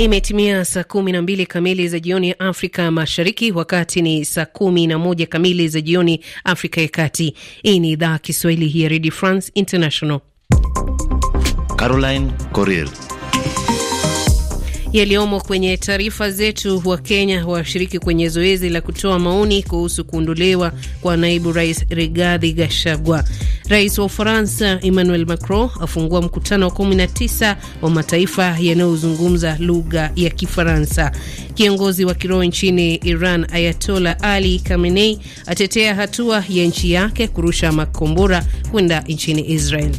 Imetimia saa kumi na mbili kamili za jioni Afrika Mashariki, wakati ni saa kumi na moja kamili za jioni Afrika ya Kati. Hii ni idhaa Kiswahili ya Redio France International. Caroline Corrier Yaliyomo kwenye taarifa zetu. Wa Kenya washiriki kwenye zoezi la kutoa maoni kuhusu kuondolewa kwa naibu rais Rigathi Gachagua. Rais wa Ufaransa Emmanuel Macron afungua mkutano wa 19 wa mataifa yanayozungumza lugha ya Kifaransa. Kiongozi wa kiroho nchini Iran Ayatola Ali Khamenei atetea hatua ya nchi yake kurusha makombora kwenda nchini Israel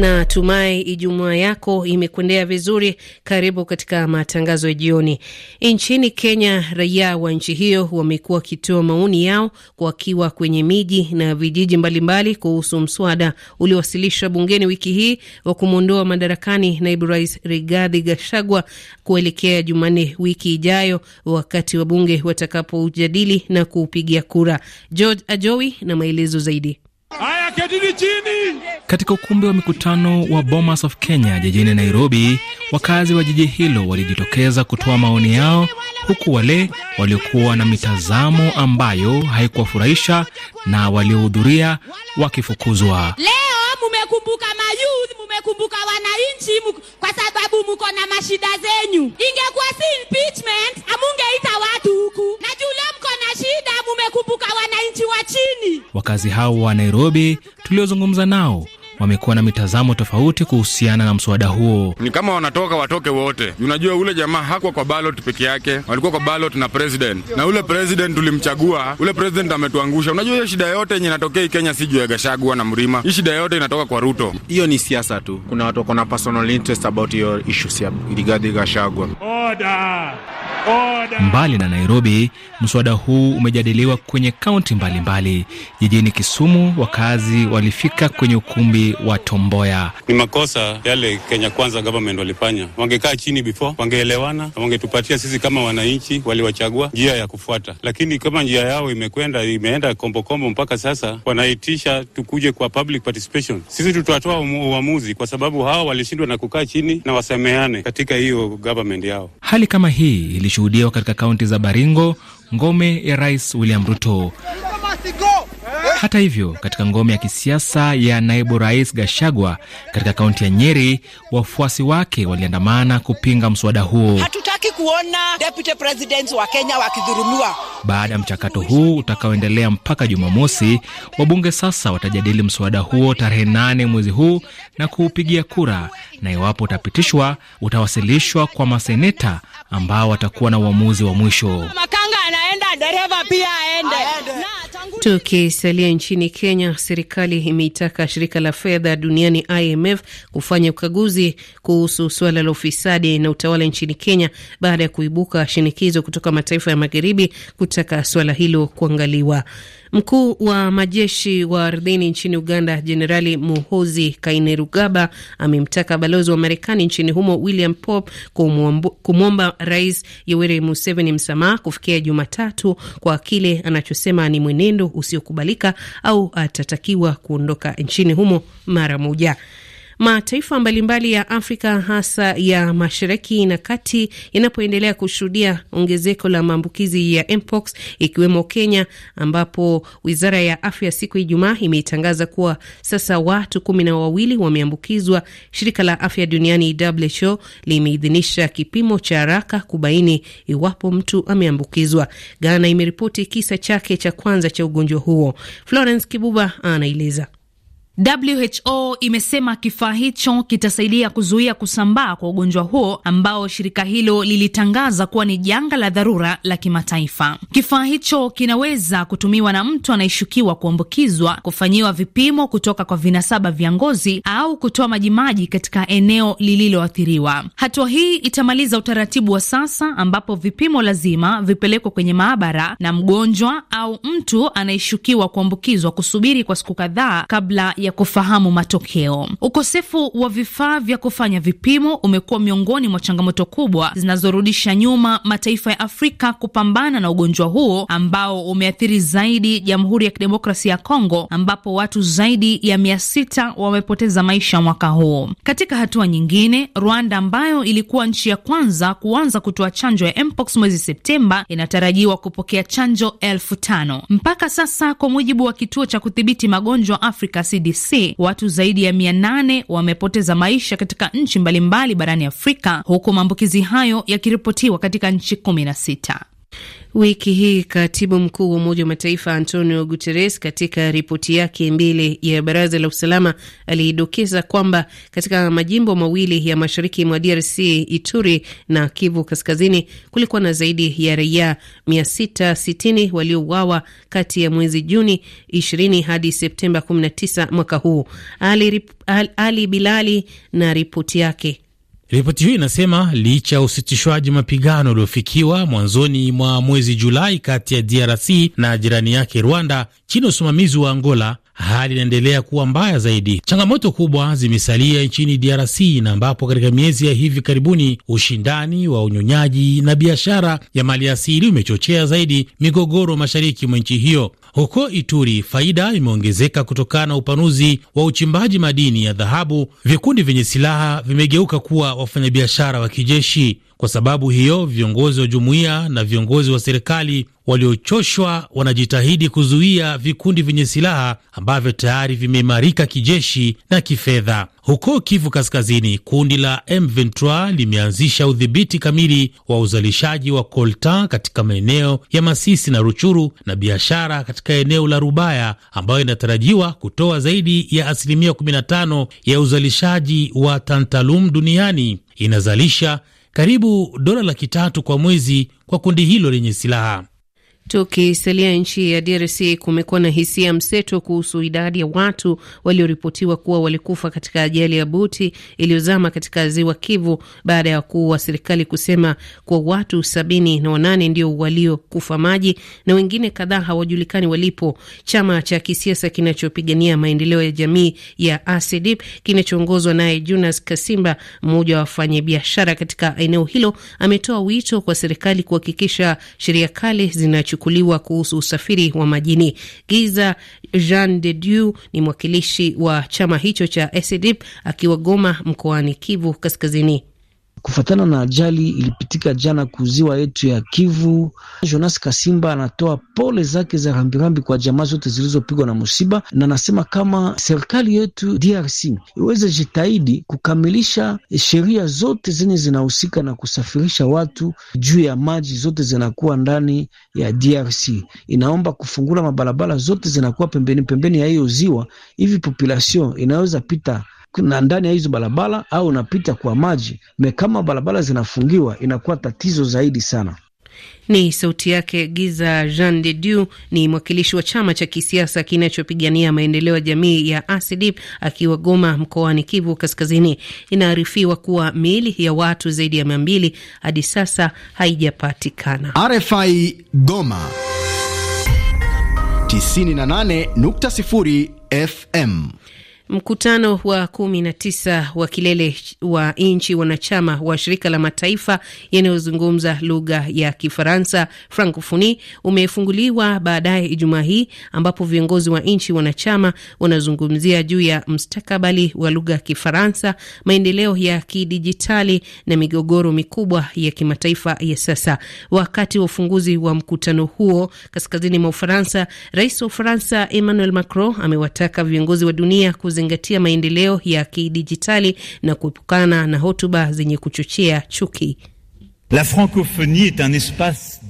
na tumai Ijumaa yako imekuendea vizuri. Karibu katika matangazo ya jioni. Nchini Kenya, raia wa nchi hiyo wamekuwa wakitoa maoni yao wakiwa kwenye miji na vijiji mbalimbali kuhusu mswada uliowasilishwa bungeni wiki hii wa kumwondoa madarakani naibu rais Rigathi Gachagua kuelekea Jumanne wiki ijayo, wakati wabunge watakapojadili na kupigia kura. George Ajowi na maelezo zaidi ketini chini. Katika ukumbi wa mikutano wa Bomas of Kenya jijini Nairobi, wakazi wa jiji hilo walijitokeza kutoa maoni yao, huku wale waliokuwa na mitazamo ambayo haikuwafurahisha na waliohudhuria wakifukuzwa. Leo mumekumbuka mayuth, mumekumbuka wananchi kwa sababu muko na mashida zenyu. Ingekuwa si impeachment, amungeita watu huku mumekumbuka wananchi wa chini. Wakazi hao wa Nairobi tuliozungumza nao wamekuwa na mitazamo tofauti kuhusiana na mswada huo. Ni kama wanatoka watoke wote. Unajua, ule jamaa hakuwa kwa ballot peke yake, walikuwa kwa ballot na president, na ule president tulimchagua, ule president ametuangusha. Unajua, hiyo shida yote yenye inatokea Kenya si juu ya Gachagua na Mrima, hii shida yote inatoka kwa Ruto. Hiyo ni siasa tu. Kuna watu wako na personal interest about your issues regarding Gachagua. Order. Mbali na Nairobi, mswada huu umejadiliwa kwenye kaunti mbalimbali. Jijini Kisumu, wakazi walifika kwenye ukumbi wa Tomboya. Ni makosa yale Kenya Kwanza government walifanya, wangekaa chini before, wangeelewana na wangetupatia sisi kama wananchi waliwachagua njia ya kufuata, lakini kama njia yao imekwenda imeenda kombokombo mpaka sasa, wanaitisha tukuje kwa public participation. Sisi tutatoa uamuzi kwa sababu hawa walishindwa na kukaa chini na wasameane katika hiyo government yao. Hali kama hii ilishuhudiwa katika kaunti za Baringo, ngome ya Rais William Ruto. Hata hivyo, katika ngome ya kisiasa ya naibu rais Gashagwa katika kaunti ya Nyeri, wafuasi wake waliandamana kupinga mswada huo. Hatutaki kuona deputy presidents wa Kenya wakidhurumiwa. Baada ya mchakato huu utakaoendelea mpaka Jumamosi, wabunge sasa watajadili mswada huo tarehe nane mwezi huu na kuupigia kura, na iwapo utapitishwa utawasilishwa kwa maseneta ambao watakuwa na uamuzi wa mwisho. Makanga anaenda, dereva pia aende. Tukisalia nchini Kenya, serikali imeitaka shirika la fedha duniani IMF kufanya ukaguzi kuhusu suala la ufisadi na utawala nchini Kenya baada ya kuibuka shinikizo kutoka mataifa ya magharibi kutaka suala hilo kuangaliwa. Mkuu wa majeshi wa ardhini nchini Uganda, Jenerali Muhozi Kainerugaba, amemtaka balozi wa Marekani nchini humo William Pop kumwomba Rais Yoweri Museveni msamaha kufikia Jumatatu kwa kile anachosema ni mwenendo usiokubalika au atatakiwa kuondoka nchini humo mara moja. Mataifa mbalimbali ya Afrika hasa ya mashariki na kati yanapoendelea kushuhudia ongezeko la maambukizi ya mpox ikiwemo Kenya, ambapo wizara ya afya siku ya Ijumaa imetangaza kuwa sasa watu kumi na wawili wameambukizwa. Shirika la afya duniani WHO limeidhinisha kipimo cha haraka kubaini iwapo mtu ameambukizwa. Ghana imeripoti kisa chake cha kwanza cha ugonjwa huo. Florence Kibuba anaeleza. WHO imesema kifaa hicho kitasaidia kuzuia kusambaa kwa ugonjwa huo ambao shirika hilo lilitangaza kuwa ni janga la dharura la kimataifa. Kifaa hicho kinaweza kutumiwa na mtu anayeshukiwa kuambukizwa kufanyiwa vipimo kutoka kwa vinasaba vya ngozi au kutoa majimaji katika eneo lililoathiriwa. Hatua hii itamaliza utaratibu wa sasa ambapo vipimo lazima vipelekwe kwenye maabara na mgonjwa au mtu anayeshukiwa kuambukizwa kusubiri kwa siku kadhaa kabla ya kufahamu matokeo. Ukosefu wa vifaa vya kufanya vipimo umekuwa miongoni mwa changamoto kubwa zinazorudisha nyuma mataifa ya Afrika kupambana na ugonjwa huo ambao umeathiri zaidi Jamhuri ya Kidemokrasia ya Kongo, ambapo watu zaidi ya mia sita wamepoteza maisha mwaka huu. Katika hatua nyingine, Rwanda ambayo ilikuwa nchi ya kwanza kuanza kutoa chanjo ya mpox mwezi Septemba inatarajiwa kupokea chanjo elfu tano mpaka sasa, kwa mujibu wa kituo cha kudhibiti magonjwa Afrika CD IEBC, watu zaidi ya mia nane wamepoteza maisha katika nchi mbalimbali barani Afrika, huku maambukizi hayo yakiripotiwa katika nchi kumi na sita. Wiki hii katibu mkuu wa Umoja wa Mataifa Antonio Guterres katika ripoti yake mbele ya Baraza la Usalama aliidokeza kwamba katika majimbo mawili ya mashariki mwa DRC, Ituri na Kivu Kaskazini, kulikuwa na zaidi ya raia 660 waliouawa kati ya mwezi Juni 20 hadi Septemba 19 mwaka huu. Ali, Ali Bilali na ripoti yake. Ripoti hiyo inasema licha ya usitishwaji mapigano uliofikiwa mwanzoni mwa mwezi Julai kati ya DRC na jirani yake Rwanda chini ya usimamizi wa Angola, hali inaendelea kuwa mbaya zaidi. Changamoto kubwa zimesalia nchini DRC na ambapo katika miezi ya hivi karibuni ushindani wa unyonyaji na biashara ya maliasili umechochea zaidi migogoro mashariki mwa nchi hiyo. Huko Ituri, faida imeongezeka kutokana na upanuzi wa uchimbaji madini ya dhahabu. Vikundi vyenye silaha vimegeuka kuwa wafanyabiashara wa kijeshi. Kwa sababu hiyo, viongozi wa jumuiya na viongozi wa serikali waliochoshwa wanajitahidi kuzuia vikundi vyenye silaha ambavyo tayari vimeimarika kijeshi na kifedha. Huko Kivu Kaskazini, kundi la M23 limeanzisha udhibiti kamili wa uzalishaji wa coltan katika maeneo ya Masisi na Ruchuru na biashara katika eneo la Rubaya, ambayo inatarajiwa kutoa zaidi ya asilimia 15 ya uzalishaji wa tantalum duniani. Inazalisha karibu dola laki tatu kwa mwezi kwa kundi hilo lenye silaha. Tukisalia nchi ya DRC, kumekuwa na hisia mseto kuhusu idadi ya watu walioripotiwa kuwa walikufa katika ajali ya boti iliyozama katika ziwa Kivu baada ya wakuu wa serikali kusema kuwa watu sabini na wanane ndio waliokufa maji na wengine kadhaa hawajulikani walipo. Chama cha kisiasa kinachopigania maendeleo ya jamii ya ACD kinachoongozwa naye Jonas Kasimba, mmoja wa wafanyabiashara katika eneo hilo, ametoa wito kwa serikali kuhakikisha sheria kali zinachukuliwa kuchukuliwa kuhusu usafiri wa majini. Giza Jean de Dieu ni mwakilishi wa chama hicho cha SEDIP akiwa Goma mkoani Kivu Kaskazini kufuatana na ajali ilipitika jana kuziwa yetu ya Kivu. Jonas Kasimba anatoa pole zake za rambirambi kwa jamaa zote zilizopigwa na musiba, na anasema kama serikali yetu DRC iweze jitahidi kukamilisha sheria zote zenye zinahusika na kusafirisha watu juu ya maji, zote zinakuwa ndani ya DRC. Inaomba kufungula mabarabara zote zinakuwa pembeni pembeni ya hiyo ziwa, hivi population inaweza pita na ndani ya hizo barabara au unapita kwa maji me, kama barabara zinafungiwa inakuwa tatizo zaidi sana. Ni sauti yake Giza Jean de Dieu, ni mwakilishi wa chama cha kisiasa kinachopigania maendeleo ya jamii ya ASIDIP akiwa Goma mkoani Kivu Kaskazini. Inaarifiwa kuwa miili ya watu zaidi ya mia mbili hadi sasa haijapatikana. RFI Goma 98.0 FM. Mkutano wa kumi na tisa wa kilele wa nchi wanachama wa shirika la mataifa yanayozungumza lugha ya Kifaransa Francofoni umefunguliwa baadaye Ijumaa hii ambapo viongozi wa nchi wanachama wanazungumzia juu ya mstakabali wa lugha ya Kifaransa, maendeleo ya kidijitali na migogoro mikubwa ya kimataifa ya sasa. Wakati wa ufunguzi wa mkutano huo kaskazini mwa Ufaransa, rais wa Ufaransa Emmanuel Macron amewataka viongozi wa dunia kuzi kuzingatia maendeleo ya kidijitali na kuepukana na hotuba zenye kuchochea chuki. La francophonie est un espace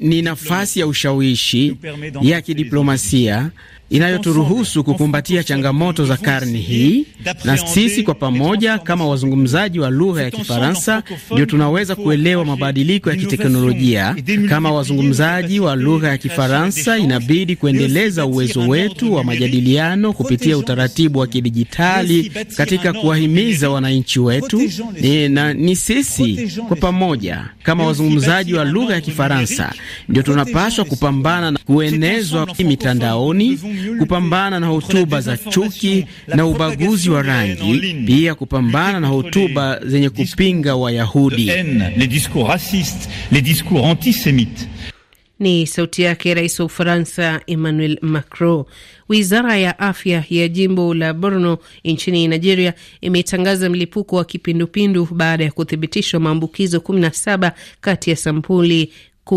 ni nafasi ya ushawishi ya kidiplomasia inayoturuhusu kukumbatia changamoto za karne hii, na sisi kwa pamoja kama wazungumzaji wa lugha ya Kifaransa ndio tunaweza kuelewa mabadiliko ya kiteknolojia. Kama wazungumzaji wa lugha ya Kifaransa, inabidi kuendeleza uwezo wetu wa majadiliano kupitia utaratibu wa kidijitali katika kuwahimiza wananchi wetu. Ni, na, ni sisi kwa pamoja kama wazungumzaji wa lugha ya Kifaransa ndio tunapaswa kupambana na kuenezwa mitandaoni kupambana na hotuba za chuki na ubaguzi wa rangi, pia kupambana na hotuba zenye kupinga Wayahudi. Ni sauti yake rais wa Ufaransa Emmanuel Macron. Wizara ya afya ya jimbo la Borno nchini Nigeria imetangaza mlipuko wa kipindupindu baada ya kuthibitishwa maambukizo 17 kati ya sampuli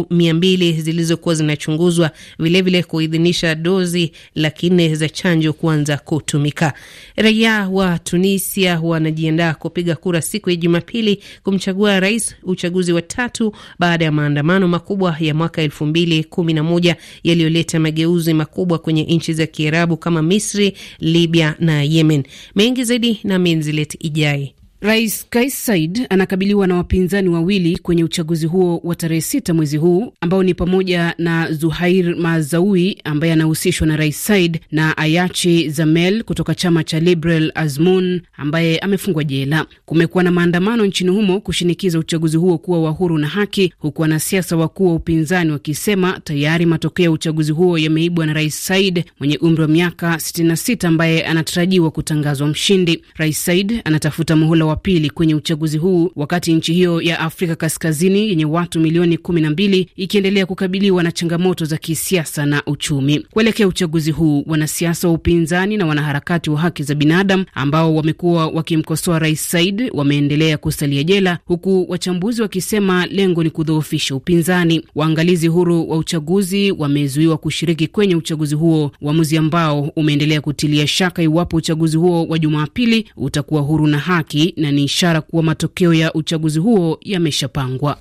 mia mbili zilizokuwa zinachunguzwa, vilevile kuidhinisha dozi laki nne za chanjo kuanza kutumika. Raia wa Tunisia wanajiandaa kupiga kura siku ya Jumapili kumchagua rais, uchaguzi wa tatu baada ya maandamano makubwa ya mwaka elfu mbili kumi na moja yaliyoleta mageuzi makubwa kwenye nchi za Kiarabu kama Misri, Libya na Yemen. Mengi zaidi na Minzilet Ijai. Rais Kais Said anakabiliwa na wapinzani wawili kwenye uchaguzi huo wa tarehe sita mwezi huu ambao ni pamoja na Zuhair Mazaui ambaye anahusishwa na Rais Said na Ayachi Zamel kutoka chama cha Liberal Azmun ambaye amefungwa jela. Kumekuwa na maandamano nchini humo kushinikiza uchaguzi huo kuwa wa huru na haki, huku wanasiasa wakuu wa upinzani wakisema tayari matokeo ya uchaguzi huo yameibwa na Rais Said mwenye umri wa miaka 66 ambaye anatarajiwa kutangazwa mshindi. Rais Said anatafuta muhula wa wa pili kwenye uchaguzi huu, wakati nchi hiyo ya Afrika Kaskazini yenye watu milioni kumi na mbili ikiendelea kukabiliwa na changamoto za kisiasa na uchumi. Kuelekea uchaguzi huu, wanasiasa wa upinzani na wanaharakati wa haki za binadamu ambao wamekuwa wakimkosoa Rais Said wameendelea kusalia jela, huku wachambuzi wakisema lengo ni kudhoofisha upinzani. Waangalizi huru wa uchaguzi wamezuiwa kushiriki kwenye uchaguzi huo, uamuzi ambao umeendelea kutilia shaka iwapo uchaguzi huo wa Jumapili utakuwa huru na haki na ni ishara kuwa matokeo ya uchaguzi huo yameshapangwa.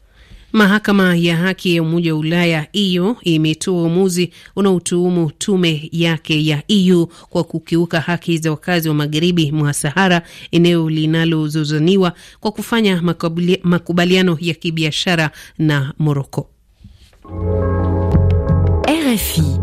Mahakama ya Haki ya Umoja wa Ulaya hiyo e imetoa uamuzi unaotuhumu tume yake ya EU kwa kukiuka haki za wakazi wa magharibi mwa Sahara, eneo linalozozaniwa kwa kufanya makubaliano ya kibiashara na Moroko. RFI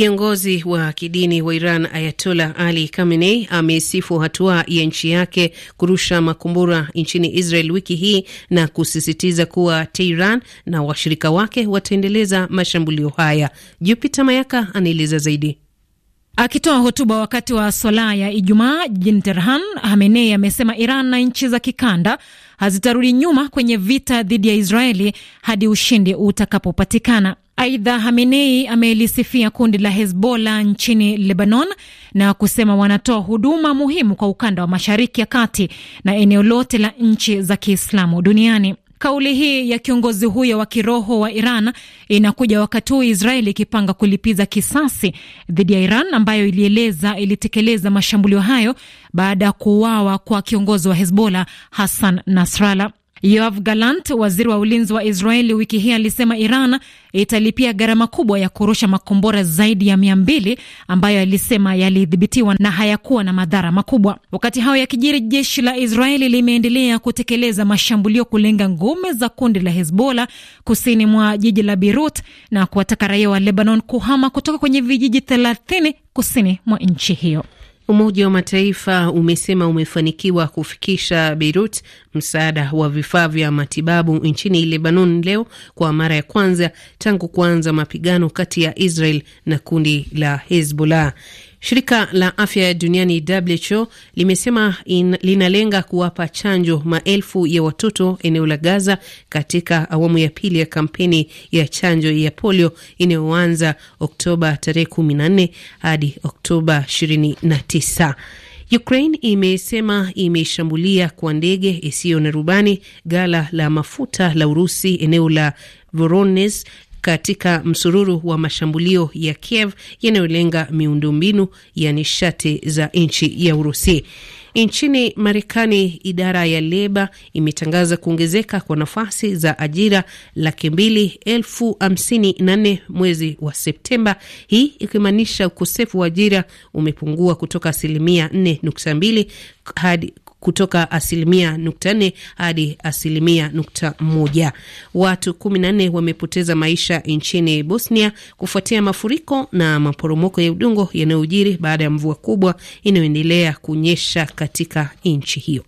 Kiongozi wa kidini wa Iran Ayatola Ali Khamenei amesifu hatua ya nchi yake kurusha makombora nchini Israel wiki hii na kusisitiza kuwa Tehran na washirika wake wataendeleza mashambulio haya. Jupiter Mayaka anaeleza zaidi. Akitoa hotuba wakati wa swala ya Ijumaa jijini Tehran, Hamenei amesema Iran na nchi za kikanda hazitarudi nyuma kwenye vita dhidi ya Israeli hadi ushindi utakapopatikana. Aidha, Hamenei amelisifia kundi la Hezbollah nchini Lebanon na kusema wanatoa huduma muhimu kwa ukanda wa Mashariki ya Kati na eneo lote la nchi za Kiislamu duniani. Kauli hii ya kiongozi huyo wa kiroho wa Iran inakuja wakati huu Israeli ikipanga kulipiza kisasi dhidi ya Iran ambayo ilieleza ilitekeleza mashambulio hayo baada ya kuuawa kwa kiongozi wa Hezbollah Hassan Nasrallah. Yoav Galant, waziri wa ulinzi wa Israeli, wiki hii alisema Iran italipia gharama kubwa ya kurusha makombora zaidi ya mia mbili ambayo alisema yalidhibitiwa na hayakuwa na madhara makubwa. Wakati hayo yakijiri, jeshi la Israeli limeendelea kutekeleza mashambulio kulenga ngome za kundi la Hezbollah kusini mwa jiji la Beirut na kuwataka raia wa Lebanon kuhama kutoka kwenye vijiji thelathini kusini mwa nchi hiyo. Umoja wa Mataifa umesema umefanikiwa kufikisha Beirut msaada wa vifaa vya matibabu nchini Lebanon leo kwa mara ya kwanza tangu kuanza mapigano kati ya Israel na kundi la Hezbollah. Shirika la afya duniani WHO limesema in, linalenga kuwapa chanjo maelfu ya watoto eneo la Gaza katika awamu ya pili ya kampeni ya chanjo ya polio inayoanza Oktoba tarehe 14 hadi Oktoba 29. Ukraine imesema imeshambulia kwa ndege isiyo na rubani gala la mafuta la Urusi eneo la Voronezh katika msururu wa mashambulio ya Kiev yanayolenga miundombinu ya nishati za nchi ya Urusi. Nchini Marekani, idara ya leba imetangaza kuongezeka kwa nafasi za ajira laki mbili elfu hamsini na nne mwezi wa Septemba, hii ikimaanisha ukosefu wa ajira umepungua kutoka asilimia 4.2 hadi kutoka asilimia nukta nne hadi asilimia nukta moja. Watu kumi na nne wamepoteza maisha nchini Bosnia kufuatia mafuriko na maporomoko ya udongo yanayojiri baada ya mvua kubwa inayoendelea kunyesha katika nchi hiyo.